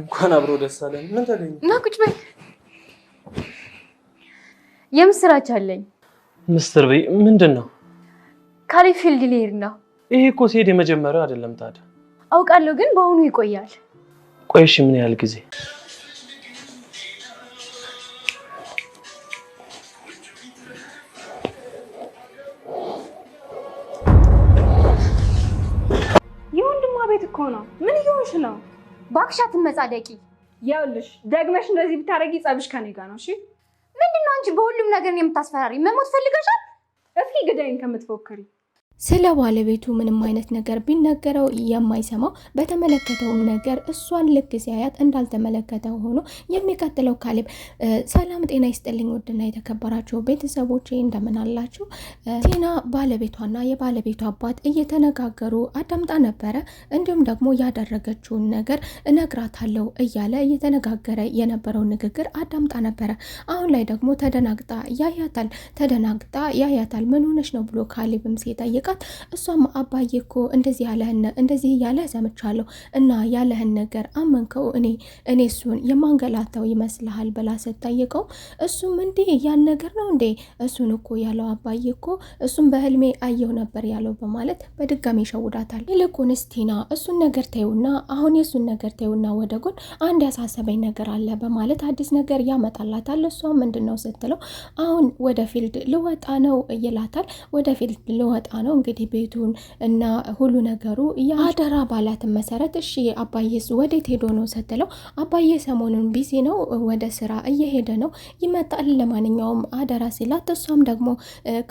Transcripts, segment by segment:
እንኳን አብሮ ደስ አለን። ምን ተገኘ? ና ቁጭ በይ። የምስራች አለኝ። ምስር በይ። ምንድን ነው? ካሌብ ፊልድ ሊሄድ ነው። ይሄ እኮ ሲሄድ የመጀመሪያው አይደለም። ታዲያ አውቃለሁ፣ ግን በአሁኑ ይቆያል። ቆይሽ ምን ያህል ጊዜ? የወንድሟ ቤት እኮ ነው። ምን እየሆንሽ ነው? እባክሽ አትመጻደቂ። ያውልሽ ደግመሽ እንደዚህ ብታረጊ ጸብሽ ከኔ ጋር ነው። እሺ ምንድነው አንቺ በሁሉም ነገር የምታስፈራሪ? መሞት ፈልገሻል? እስኪ ግዳይን ከምትፎክሪ ስለ ባለቤቱ ምንም አይነት ነገር ቢነገረው የማይሰማው በተመለከተውም ነገር እሷን ልክ ሲያያት እንዳልተመለከተው ሆኖ የሚቀጥለው ካሌብ። ሰላም ጤና ይስጥልኝ ውድና የተከበራችሁ ቤተሰቦቼ እንደምን አላችሁ? ቲና ባለቤቷና የባለቤቷ አባት እየተነጋገሩ አዳምጣ ነበረ። እንዲሁም ደግሞ ያደረገችውን ነገር እነግራታለሁ እያለ እየተነጋገረ የነበረው ንግግር አዳምጣ ነበረ። አሁን ላይ ደግሞ ተደናግጣ ያያታል። ተደናግጣ ያያታል። ምን ሆነች ነው ብሎ ካሌብም ሲጠይቃል ስጠይቃት እሷም አባዬ እኮ እንደዚህ ያለህን እንደዚህ እያለህ ሰምቻለሁ እና ያለህን ነገር አመንከው እኔ እኔ እሱን የማንገላተው ይመስልሃል ብላ ስጠይቀው እሱም እንዴ ያን ነገር ነው እንዴ እሱን እኮ ያለው አባዬ እኮ እሱም በህልሜ አየሁ ነበር ያለው በማለት በድጋሚ ይሸውዳታል። ይልቁን ቲና እሱን ነገር ተይውና አሁን የእሱን ነገር ተይውና ወደ ጎን አንድ ያሳሰበኝ ነገር አለ በማለት አዲስ ነገር ያመጣላታል። እሷ ምንድን ነው ስትለው አሁን ወደ ፊልድ ልወጣ ነው ይላታል። ወደ ፊልድ ልወጣ ነው ነው እንግዲህ ቤቱን እና ሁሉ ነገሩ የአደራ ባላትን መሰረት እሺ አባዬስ ወዴት ሄዶ ነው ስትለው አባዬ ሰሞኑን ቢዚ ነው፣ ወደ ስራ እየሄደ ነው፣ ይመጣል ለማንኛውም አደራ ሲላት እሷም ደግሞ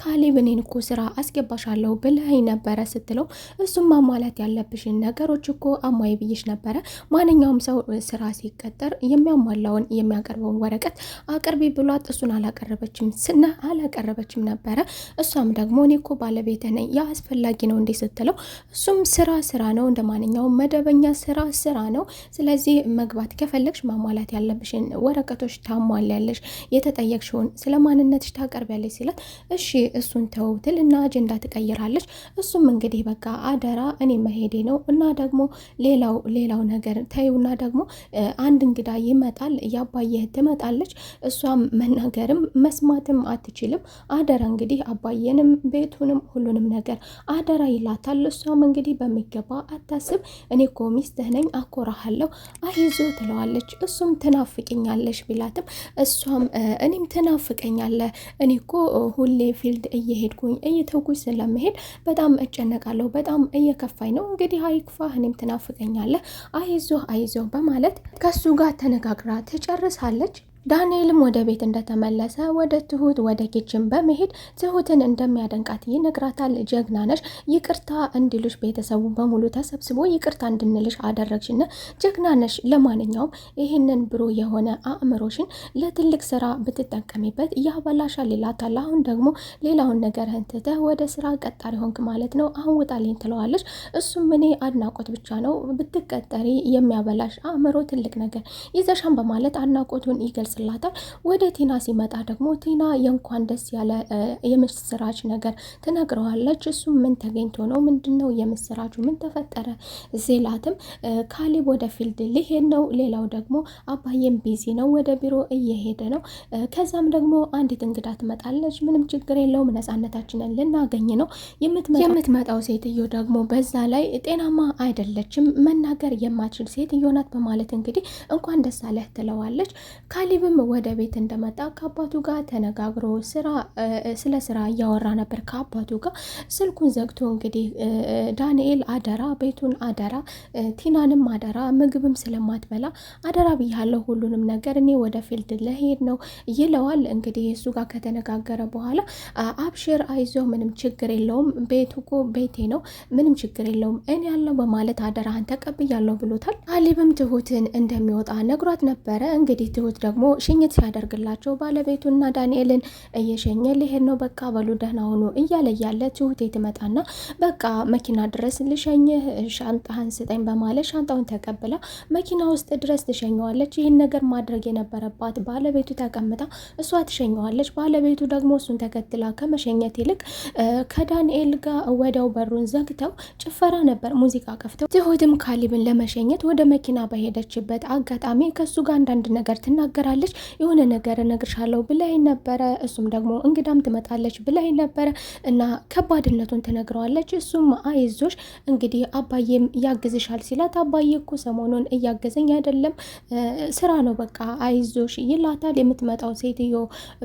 ካሌብ እኔን እኮ ስራ አስገባሻለሁ ብለኸኝ ነበረ ስትለው እሱም ማሟላት ያለብሽን ነገሮች እኮ አሟይ ብይሽ ነበረ። ማንኛውም ሰው ስራ ሲቀጠር የሚያሟላውን የሚያቀርበውን ወረቀት አቅርቢ ብሏት እሱን አላቀረበችም ስና አላቀረበችም ነበረ። እሷም ደግሞ እኔ እኮ ባለቤት ነኝ ያ አስፈላጊ ነው እንዴ ስትለው እሱም ስራ ስራ ነው እንደ ማንኛውም መደበኛ ስራ ስራ ነው። ስለዚህ መግባት ከፈለግሽ ማሟላት ያለብሽን ወረቀቶች ታሟላለሽ፣ የተጠየቅሽውን ስለ ማንነትሽ ታቀርቢያለሽ ሲላት እሺ እሱን ተውትል እና አጀንዳ ትቀይራለች። እሱም እንግዲህ በቃ አደራ እኔ መሄዴ ነው እና ደግሞ ሌላው ሌላው ነገር ተዩና ደግሞ አንድ እንግዳ ይመጣል ያባየህ ትመጣለች። እሷም መናገርም መስማትም አትችልም። አደራ እንግዲህ አባየንም ቤቱንም ሁሉንም ነገር ነገር አደራ ይላታል። እሷም እንግዲህ በሚገባ አታስብ፣ እኔ እኮ ሚስትህ ነኝ አኮራሃለሁ፣ አይዞ ትለዋለች። እሱም ትናፍቅኛለሽ ቢላትም እሷም እኔም ትናፍቀኛለህ፣ እኔ እኮ ሁሌ ፊልድ እየሄድኩኝ እየተጉኝ ስለመሄድ በጣም እጨነቃለሁ፣ በጣም እየከፋኝ ነው። እንግዲህ አይክፋህ፣ እኔም ትናፍቀኛለህ፣ አይዞ አይዞ በማለት ከሱ ጋር ተነጋግራ ትጨርሳለች። ዳንኤልም ወደ ቤት እንደተመለሰ ወደ ትሁት ወደ ኪችን በመሄድ ትሁትን እንደሚያደንቃት ይነግራታል። ጀግና ነሽ፣ ይቅርታ እንዲልሽ ቤተሰቡ በሙሉ ተሰብስቦ ይቅርታ እንድንልሽ አደረግሽና ጀግና ነሽ። ለማንኛውም ይህንን ብሩ የሆነ አእምሮሽን ለትልቅ ስራ ብትጠቀሚበት ያበላሻል ሌላታል። አሁን ደግሞ ሌላውን ነገር ህንትተህ ወደ ስራ ቀጣሪ ሆንክ ማለት ነው፣ አሁን ውጣልኝ ትለዋለች። እሱም እኔ አድናቆት ብቻ ነው ብትቀጠሪ የሚያበላሽ አእምሮ ትልቅ ነገር ይዘሻን በማለት አድናቆቱን ይገልጻል። ይገልጽላታል። ወደ ቲና ሲመጣ ደግሞ ቲና የእንኳን ደስ ያለ የምስራች ነገር ትነግረዋለች። እሱም ምን ተገኝቶ ነው ምንድን ነው የምስራቹ ምን ተፈጠረ ሲላትም ካሊብ ወደ ፊልድ ሊሄድ ነው፣ ሌላው ደግሞ አባዬም ቢዚ ነው፣ ወደ ቢሮ እየሄደ ነው። ከዛም ደግሞ አንዲት እንግዳ ትመጣለች። ምንም ችግር የለውም ነፃነታችንን ልናገኝ ነው። የምትመጣው ሴትዮ ደግሞ በዛ ላይ ጤናማ አይደለችም፣ መናገር የማትችል ሴትዮ ናት በማለት እንግዲህ እንኳን ደስ አለህ ትለዋለች። ካሌብ ዴብም ወደ ቤት እንደመጣ ከአባቱ ጋር ተነጋግሮ ስራ ስለ ስራ እያወራ ነበር ከአባቱ ጋር ስልኩን ዘግቶ እንግዲህ ዳንኤል አደራ ቤቱን አደራ ቲናንም አደራ ምግብም ስለማትበላ አደራ ብያለሁ ሁሉንም ነገር እኔ ወደ ፊልድ ለሄድ ነው ይለዋል። እንግዲህ እሱ ጋር ከተነጋገረ በኋላ አብሽር አይዞ ምንም ችግር የለውም ቤቱ እኮ ቤቴ ነው ምንም ችግር የለውም እኔ ያለው በማለት አደራህን ተቀብያለሁ ብሎታል። አሊብም ትሁትን እንደሚወጣ ነግሯት ነበረ። እንግዲህ ትሁት ደግሞ ሽኝት ሲያደርግላቸው ባለቤቱና ዳንኤልን እየሸኘ ሊሄድ ነው በቃ በሉ ደህና ሁኑ እያለ ያለ ትሁቴ ትመጣና በቃ መኪና ድረስ ልሸኝህ ሻንጣህን ስጠኝ በማለት ሻንጣውን ተቀብላ መኪና ውስጥ ድረስ ትሸኘዋለች። ይህን ነገር ማድረግ የነበረባት ባለቤቱ ተቀምጣ እሷ ትሸኘዋለች። ባለቤቱ ደግሞ እሱን ተከትላ ከመሸኘት ይልቅ ከዳንኤል ጋር ወዲያው በሩን ዘግተው ጭፈራ ነበር ሙዚቃ ከፍተው። ትሁትም ካሊብን ለመሸኘት ወደ መኪና በሄደችበት አጋጣሚ ከእሱ ጋር አንዳንድ ነገር ትናገራለች። ትመጣለች የሆነ ነገር እነግርሻለሁ ብላይ ነበረ። እሱም ደግሞ እንግዳም ትመጣለች ብላይ ነበረ እና ከባድነቱን ትነግረዋለች። እሱም አይዞሽ እንግዲህ አባዬም ያግዝሻል ሲላት አባዬ እኮ ሰሞኑን እያገዘኝ አይደለም ስራ ነው በቃ አይዞሽ ይላታል። የምትመጣው ሴትዮ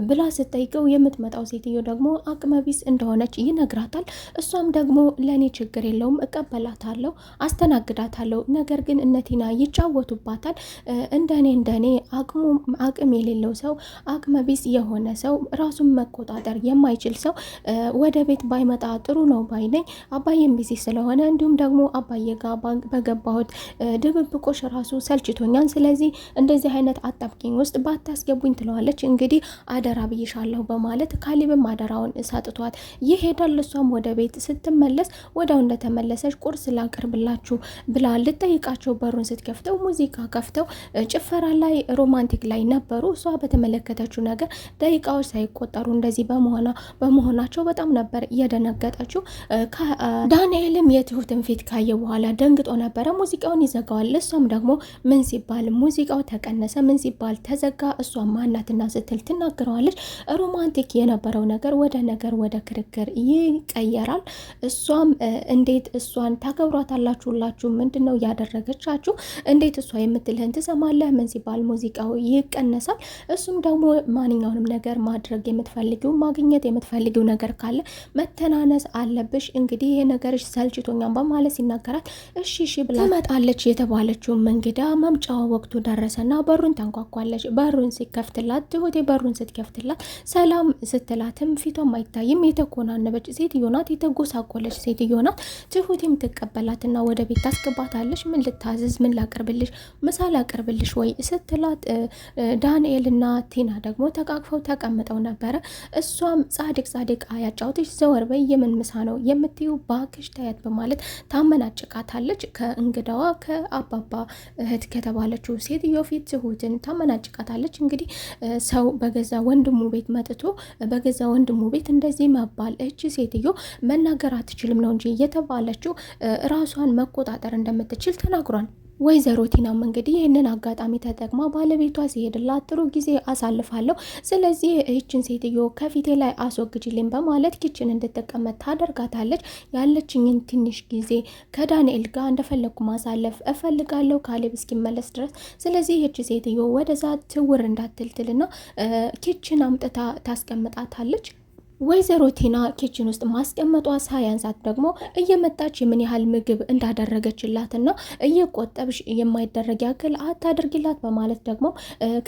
ብላ ስጠይቀው የምትመጣው ሴትዮ ደግሞ አቅመቢስ እንደሆነች ይነግራታል። እሷም ደግሞ ለእኔ ችግር የለውም እቀበላታለሁ፣ አስተናግዳታለሁ ነገር ግን እነቲና ይጫወቱባታል እንደኔ እንደኔ አቅሙ አቅም የሌለው ሰው፣ አቅመ ቢስ የሆነ ሰው፣ ራሱን መቆጣጠር የማይችል ሰው ወደ ቤት ባይመጣ ጥሩ ነው ባይነኝ። አባዬም ቢዚ ስለሆነ እንዲሁም ደግሞ አባዬ ጋ በገባሁት ድብብቆሽ ራሱ ሰልችቶኛል። ስለዚህ እንደዚህ አይነት አጣብቂኝ ውስጥ ባታስገቡኝ ትለዋለች። እንግዲህ አደራ ብይሻለሁ በማለት ካሊብም አደራውን ሰጥቷት ይሄዳል። እሷም ወደ ቤት ስትመለስ ወዲያው እንደተመለሰች ቁርስ ላቅርብላችሁ ብላ ልጠይቃቸው በሩን ስትከፍተው ሙዚቃ ከፍተው ጭፈራ ላይ ሮማንቲክ ላይ ነበሩ። እሷ በተመለከተችው ነገር ደቂቃዎች ሳይቆጠሩ እንደዚህ በመሆናቸው በጣም ነበር እየደነገጠችው። ዳንኤልም የትሁትን ፊት ካየ በኋላ ደንግጦ ነበረ። ሙዚቃውን ይዘጋዋል። እሷም ደግሞ ምን ሲባል ሙዚቃው ተቀነሰ፣ ምን ሲባል ተዘጋ፣ እሷ ማናትና ስትል ትናገረዋለች። ሮማንቲክ የነበረው ነገር ወደ ነገር ወደ ክርክር ይቀየራል። እሷም እንዴት እሷን ታከብሯታላችሁ ሁላችሁ ምንድን ነው ያደረገቻችሁ? እንዴት እሷ የምትልህን ትሰማለህ? ምን ሲባል ሙዚቃው ይቀ ይቀነሳል። እሱም ደግሞ ማንኛውንም ነገር ማድረግ የምትፈልጊው ማግኘት የምትፈልጊው ነገር ካለ መተናነስ አለብሽ። እንግዲህ ይሄ ነገርሽ ሰልችቶኛል በማለት ሲናገራት እሺ እሺ ብላ ትመጣለች። የተባለችው እንግዳ መምጫዋ ወቅቱ ደረሰና በሩን ታንኳኳለች። በሩን ሲከፍትላት ትሁቴ በሩን ስትከፍትላት ሰላም ስትላትም ፊቷም አይታይም። የተኮናነበች ሴትዮ ናት። የተጎሳቆለች ሴትዮ ናት። ትሁቴም ትቀበላትና ወደ ቤት ታስገባታለች። ምን ልታዝዝ፣ ምን ላቅርብልሽ፣ ምሳ ላቅርብልሽ ወይ ስትላት ዳንኤልና ቲና ደግሞ ተቃቅፈው ተቀምጠው ነበረ። እሷም ጻድቅ ጻድቅ አያጫውትሽ ዘወር በይ የምን ምሳ ነው የምትዩ ባክሽ ታያት በማለት ታመናጭቃታለች። ከእንግዳዋ ከአባባ እህት ከተባለችው ሴትዮ ፊት ትሁትን ታመናጭቃታለች። እንግዲህ ሰው በገዛ ወንድሙ ቤት መጥቶ በገዛ ወንድሙ ቤት እንደዚህ መባል እች ሴትዮ መናገር አትችልም ነው እንጂ የተባለችው ራሷን መቆጣጠር እንደምትችል ተናግሯል። ወይዘሮ ቲናም እንግዲህ ይህንን አጋጣሚ ተጠቅማ ባለቤቷ ሲሄድላት ጥሩ ጊዜ አሳልፋለሁ፣ ስለዚህ ይህችን ሴትዮ ከፊቴ ላይ አስወግጅልኝ በማለት ኪችን እንድትቀመጥ ታደርጋታለች። ያለችኝን ትንሽ ጊዜ ከዳንኤል ጋር እንደፈለግኩ ማሳለፍ እፈልጋለሁ ካሌብ እስኪመለስ ድረስ። ስለዚህ ይህች ሴትዮ ወደዛ ትውር እንዳትልትልና ኪችን አምጥታ ታስቀምጣታለች። ወይዘሮ ቲና ኪችን ውስጥ ማስቀመጧ ሳያንሳት ደግሞ እየመጣች ምን ያህል ምግብ እንዳደረገችላትና እየቆጠብሽ የማይደረግ ያክል አታድርግላት በማለት ደግሞ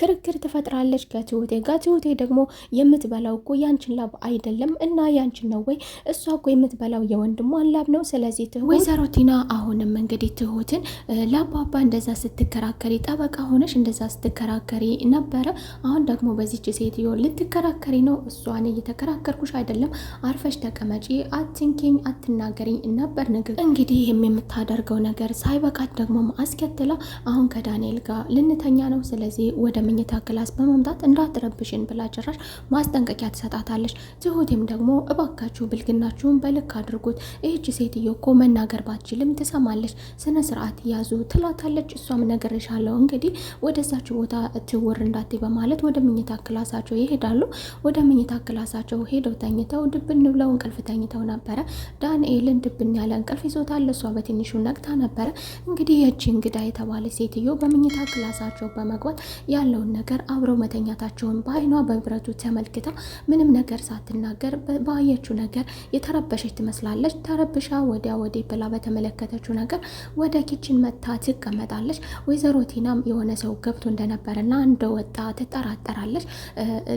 ክርክር ትፈጥራለች ከትሁቴ ጋር። ትሁቴ ደግሞ የምትበላው እኮ ያንችን ላብ አይደለም እና ያንችን ነው ወይ? እሷ እኮ የምትበላው የወንድሟን ላብ ነው። ስለዚህ ትሁት ወይዘሮ ቲና አሁንም እንግዲህ ትሁትን ለአባባ እንደዛ ስትከራከሪ፣ ጠበቃ ሆነሽ እንደዛ ስትከራከሪ ነበረ። አሁን ደግሞ በዚች ሴትዮ ልትከራከሪ ነው። እሷን እየተከራከር እየነገርኩሽ አይደለም አርፈሽ ተቀመጪ፣ አትንኪኝ፣ አትናገሪኝ ነበር ንግግር እንግዲህ የምታደርገው ነገር ሳይበቃት ደግሞ አስከትላ አሁን ከዳንኤል ጋር ልንተኛ ነው፣ ስለዚህ ወደ መኝታ ክላስ በመምጣት እንዳትረብሽን ብላ ጭራሽ ማስጠንቀቂያ ትሰጣታለች። ትሁቴም ደግሞ እባካችሁ ብልግናችሁን በልክ አድርጉት፣ ይህች ሴትዮ እኮ መናገር ባችልም ትሰማለች፣ ስነ ስርዓት ያዙ ትላታለች። እሷም ነግሬሻለሁ እንግዲህ ወደዛች ቦታ ትውር እንዳትይ በማለት ወደ መኝታ ክላሳቸው ይሄዳሉ። ወደ መኝታ ክላሳቸው ሄደ ብለው ተኝተው ድብን ብለው እንቅልፍ ተኝተው ነበረ። ዳንኤልን ድብን ያለ እንቅልፍ ይዞታል። እሷ በትንሹ ነቅታ ነበረ። እንግዲህ የእጅ እንግዳ የተባለ ሴትዮ በምኝታ ክላሳቸው በመግባት ያለውን ነገር አብረው መተኛታቸውን በአይኗ በብረቱ ተመልክታ ምንም ነገር ሳትናገር ባየችው ነገር የተረበሸች ትመስላለች። ተረብሻ ወዲያ ወዲህ ብላ በተመለከተችው ነገር ወደ ኪችን መታ ትቀመጣለች። ወይዘሮ ቲናም የሆነ ሰው ገብቶ እንደነበረና እንደወጣ ትጠራጠራለች።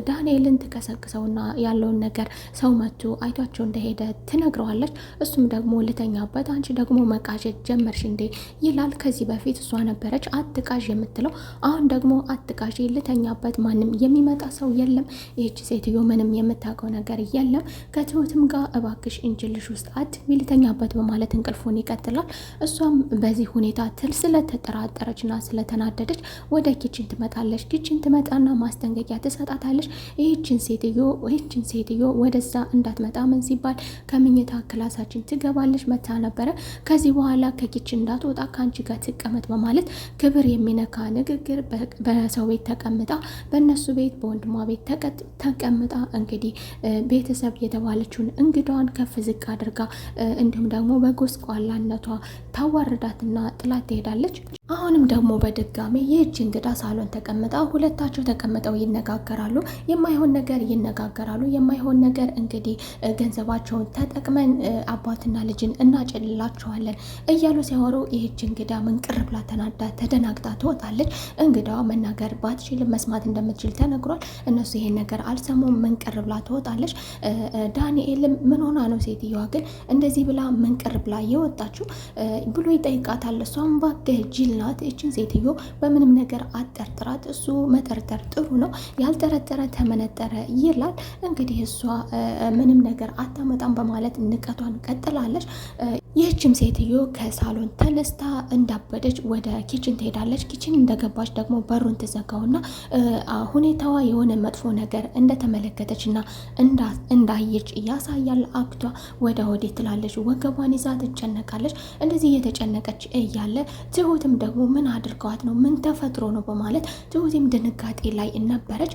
ዳንኤልን ትቀሰቅሰውና ያለውን ነገር ነገር ሰው መቶ አይቷቸው እንደሄደ ትነግረዋለች። እሱም ደግሞ ልተኛበት፣ አንቺ ደግሞ መቃዠት ጀመርሽ እንዴ ይላል። ከዚህ በፊት እሷ ነበረች አትቃዥ የምትለው፣ አሁን ደግሞ አትቃዥ፣ ልተኛበት፣ ማንም የሚመጣ ሰው የለም፣ ይህች ሴትዮ ምንም የምታውቀው ነገር የለም፣ ከትሁትም ጋር እባክሽ እንችልሽ ውስጥ አትሚ፣ ልተኛበት በማለት እንቅልፉን ይቀጥላል። እሷም በዚህ ሁኔታ ትል ስለተጠራጠረችና ስለተናደደች ወደ ኪችን ትመጣለች። ኪችን ትመጣና ማስጠንቀቂያ ትሰጣታለች። ይህችን ሴትዮ ይህችን ሴትዮ ወደዛ እንዳትመጣ ምን ሲባል ከምኝታ ክላሳችን ትገባለች መታ ነበረ። ከዚህ በኋላ ከኪች እንዳትወጣ ከአንቺ ጋር ትቀመጥ በማለት ክብር የሚነካ ንግግር በሰው ቤት ተቀምጣ በእነሱ ቤት በወንድሟ ቤት ተቀምጣ እንግዲህ ቤተሰብ የተባለችውን እንግዳዋን ከፍ ዝቅ አድርጋ እንዲሁም ደግሞ በጎስቋላነቷ ታዋርዳትና ጥላት ትሄዳለች። አሁንም ደግሞ በድጋሚ ይህች እንግዳ ሳሎን ተቀምጣ ሁለታቸው ተቀምጠው ይነጋገራሉ። የማይሆን ነገር ይነጋገራሉ። የማይሆን ነገር እንግዲህ ገንዘባቸውን ተጠቅመን አባትና ልጅን እናጨልላቸዋለን እያሉ ሲያወሩ ይህች እንግዳ ምንቅር ብላ ተናዳ ተደናግጣ ትወጣለች። እንግዳዋ መናገር ባትችልም መስማት እንደምትችል ተነግሯል። እነሱ ይሄን ነገር አልሰሙም። ምንቅር ብላ ትወጣለች። ዳንኤልም ምን ሆና ነው ሴትየዋ ግን እንደዚህ ብላ ምንቅር ብላ የወጣችው ብሎ ይጠይቃታል። እሷም እባክህ ጅል ሲላት እችን ሴትዮ በምንም ነገር አጠርጥራት። እሱ መጠርጠር ጥሩ ነው፣ ያልጠረጠረ ተመነጠረ ይላል። እንግዲህ እሷ ምንም ነገር አታመጣም በማለት ንቀቷን ቀጥላለች። ይህችም ሴትዮ ከሳሎን ተነስታ እንዳበደች ወደ ኪችን ትሄዳለች። ኪችን እንደገባች ደግሞ በሩን ትዘጋውና ሁኔታዋ የሆነ መጥፎ ነገር እንደተመለከተች እንዳየች ያሳያል። አክቷ ወደ ሆዴ ትላለች፣ ወገቧን ይዛ ትጨነቃለች። እንደዚህ እየተጨነቀች እያለ ትሁትም ደ ደግሞ ምን አድርገዋት ነው? ምን ተፈጥሮ ነው? በማለት ትሁቴም ድንጋጤ ላይ ነበረች።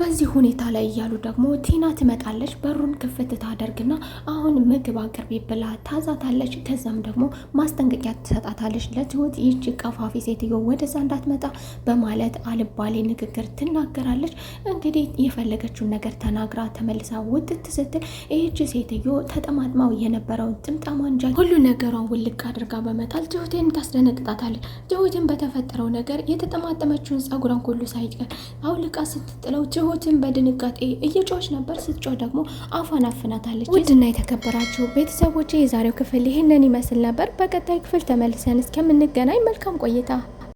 በዚህ ሁኔታ ላይ እያሉ ደግሞ ቲና ትመጣለች። በሩን ክፍት ታደርግና አሁን ምግብ አቅርቢ ብላ ታዛታለች። ከዛም ደግሞ ማስጠንቀቂያ ትሰጣታለች ለትሁት ይህች ቀፋፊ ሴትዮ ወደዛ እንዳትመጣ በማለት አልባሌ ንግግር ትናገራለች። እንግዲህ የፈለገችውን ነገር ተናግራ ተመልሳ ውጥት ስትል ይህች ሴትዮ ተጠማጥማው የነበረውን ጥምጣማ እንጃ ሁሉ ነገሯን ውልቅ አድርጋ በመጣል ትሁቴን ታስደነግጣታለች። ትሁትን በተፈጠረው ነገር የተጠማጠመችውን ጸጉሯን ሁሉ ሳይቀር አውልቃ ስትጥለው ትሁትን በድንጋጤ እየጮች ነበር። ስትጮህ ደግሞ አፏን አፍናታለች። ውድና የተከበራችሁ ቤተሰቦች የዛሬው ክፍል ይህንን ይመስል ነበር። በቀጣይ ክፍል ተመልሰን እስከምንገናኝ መልካም ቆይታ